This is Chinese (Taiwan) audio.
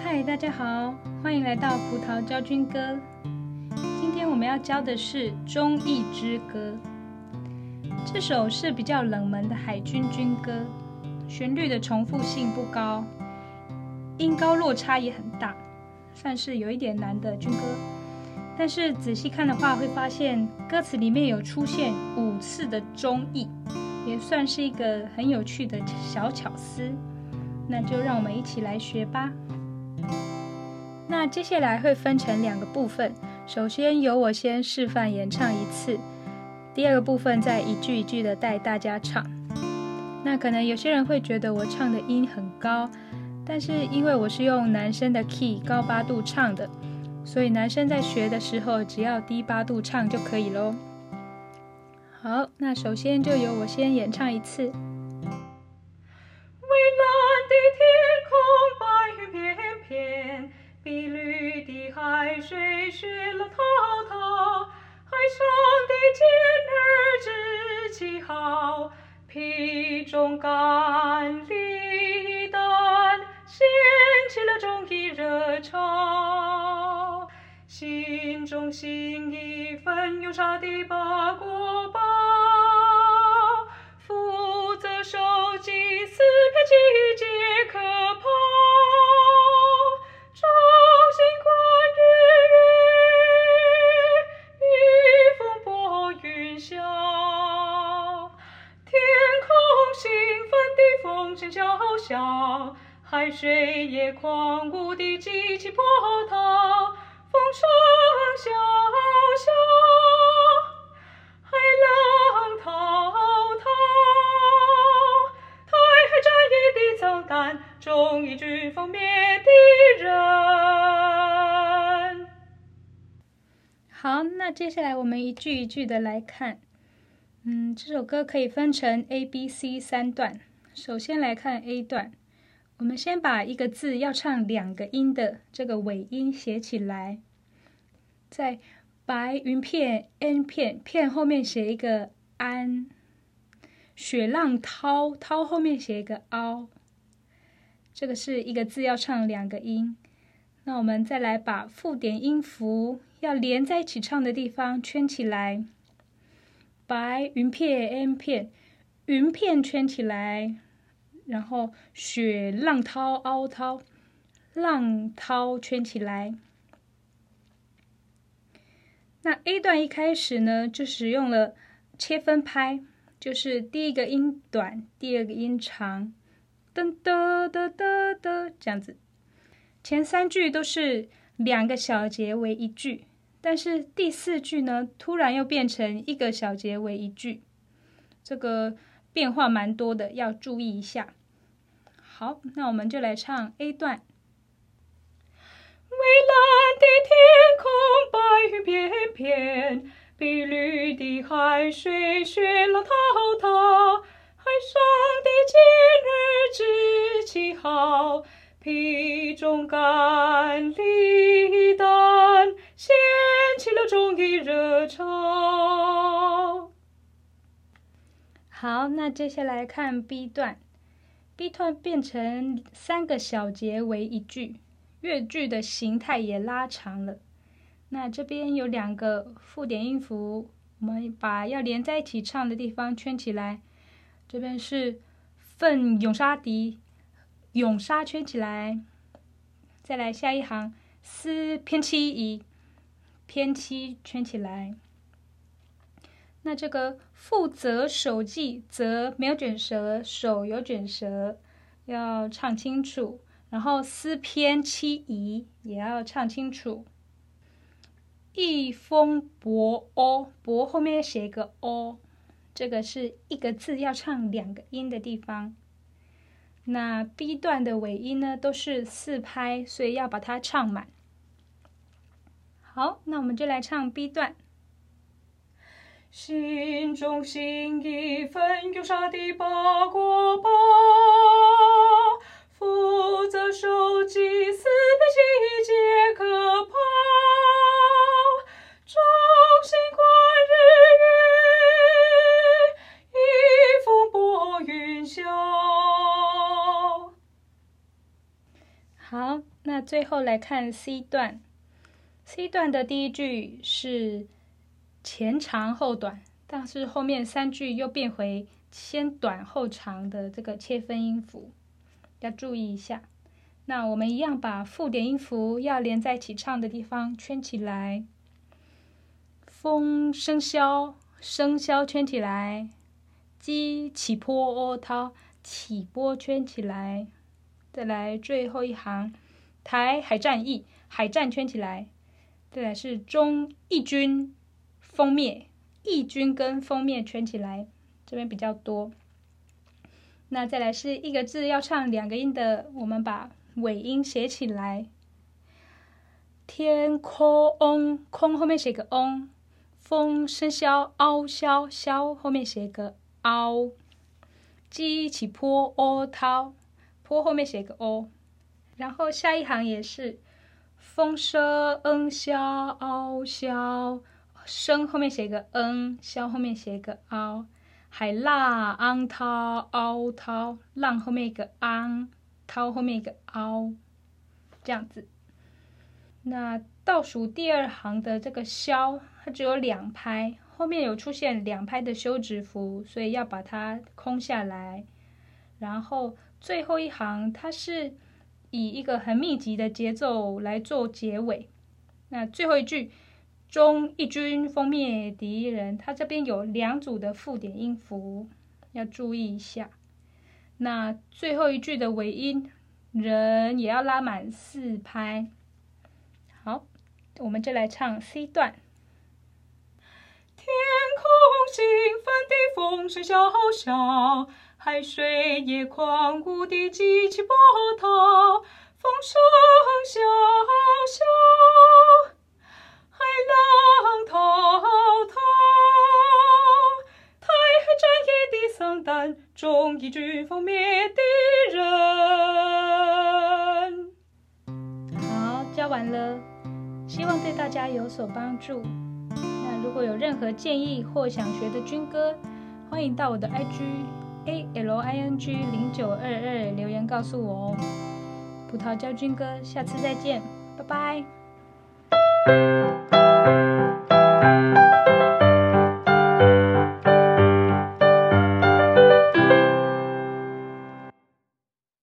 嗨，大家好，歡迎來到葡萄教軍歌。今天我們要教的是《忠義之歌》，這首是比較冷門的海軍軍歌，旋律的重複性不高，音高落差也很大，算是有一點難的軍歌。但是仔細看的話，會發現歌詞裡面有出現五次的忠義，也算是一個很有趣的小巧思。那就讓我們一起來學吧。那接下來會分成兩個部分，首先由我先示範演唱一次，第二個部分再一句一句的帶大家唱。那可能有些人會覺得我唱的音很高，但是因為我是用男生的 key 高八度唱的。所以男生在學的時候，只要低八度唱就可以嘍。好，那首先就由我先演唱一次。蔚藍的天空，白雲片片；碧綠的海水，雪浪滔滔；海上的健兒志氣豪，披忠肝。心忠行義，奮勇殺敵把國保，負責守紀，私偏欺疑皆可拋。忠心貫日月，義風薄雲霄，天空興奮的風聲瀟瀟，海水也狂舞地激起波濤，風聲。瀟瀟，海浪滔滔，台海戰役敵喪膽，忠義軍風滅敵人。好，那接下來我們一句一句的來看。嗯，這首歌可以分成 A、B、C 三段。首先來看 A 段，我們先把一個字要唱兩個音的這個尾音寫起來。在白雲片 n 片片後面寫一個安，雪浪濤濤後面寫一個凹，這個是一個字要唱兩個音。那我們再來把附點音符要連在一起唱的地方圈起來。白雲片 n 片，雲片圈起來，然後雪浪濤凹濤，浪濤圈起來。那 A 段一開始呢，就使用了切分拍，就是第一個音短，第二個音長，噔噔噔噔噔這樣子。前三句都是兩個小節為一句，但是第四句呢，突然又變成一個小節為一句，這個變化蠻多的，要注意一下。好，那我們就來唱 A 段，未來。碧綠的海水，雪浪滔滔，海上的健兒志氣豪，披忠肝瀝義膽，掀起了忠義熱潮。好，那接下來看 B 段，B 段變成三個小節為一句，樂句的形態也拉長了。那這邊有兩個附點音符，我們把要連在一起唱的地方圈起來。這邊是奮勇殺敵，勇殺圈起來。再來下一行，私偏欺疑，偏欺圈起來。那這個負責守紀，責沒有卷舌，守有卷舌，要唱清楚。然後私偏欺疑也要唱清楚。義風薄哦，薄後面寫一個哦，這個是一個字要唱兩個音的地方。那 B 段的尾音呢，都是四拍，所以要把它唱滿。好，那我們就來唱 B 段。心忠行義，奮勇殺敵把國保，負責守紀。最後來看 C 段，C 段的第一句是前長後短，但是後面三句又變回先短後長的這個切分音符，要注意一下。那我們一樣把附點音符要連在一起唱的地方圈起來。風聲蕭，聲蕭圈起來；激起波濤，起波圈起來。再來最後一行。台海戰役，海戰圈起來。再來是忠義軍風滅，風滅義軍跟風滅圈起來，這邊比較多。那再來是一個字要唱兩個音的，我們把尾音寫起來。天空翁，空後面寫個翁，風聲瀟凹，瀟瀟後面寫個凹，激起波哦濤，波後面寫個哦。然後下一行也是“風聲嗯瀟凹瀟，聲後面寫一個“嗯”，瀟後面寫一個“凹”還。海浪昂滔凹滔，浪、嗯、後面一個昂，滔後面一個凹，這樣子。那倒數第二行的這個“瀟”，它只有兩拍，後面有出現兩拍的休止符，所以要把它空下來。然後最後一行它是。以一個很密集的節奏來做結尾。那最後一句，“忠義軍風滅敵人”，他這邊有兩組的附點音符，要注意一下。那最後一句的尾音“人”也要拉滿四拍。好，我們就來唱 C 段。天空興奮的風聲瀟瀟，海水也狂舞地激起波濤。聲蕭蕭，海浪滔滔，台海戰役敵喪膽，忠義軍風滅敵人。好，教完了，希望對大家有所幫助。那如果有任何建議或想學的軍歌，歡迎到我的 I G A L I N G 零九二二留言告訴我哦。葡萄教軍歌，下次再見，嗯、拜拜。嗯，拜拜。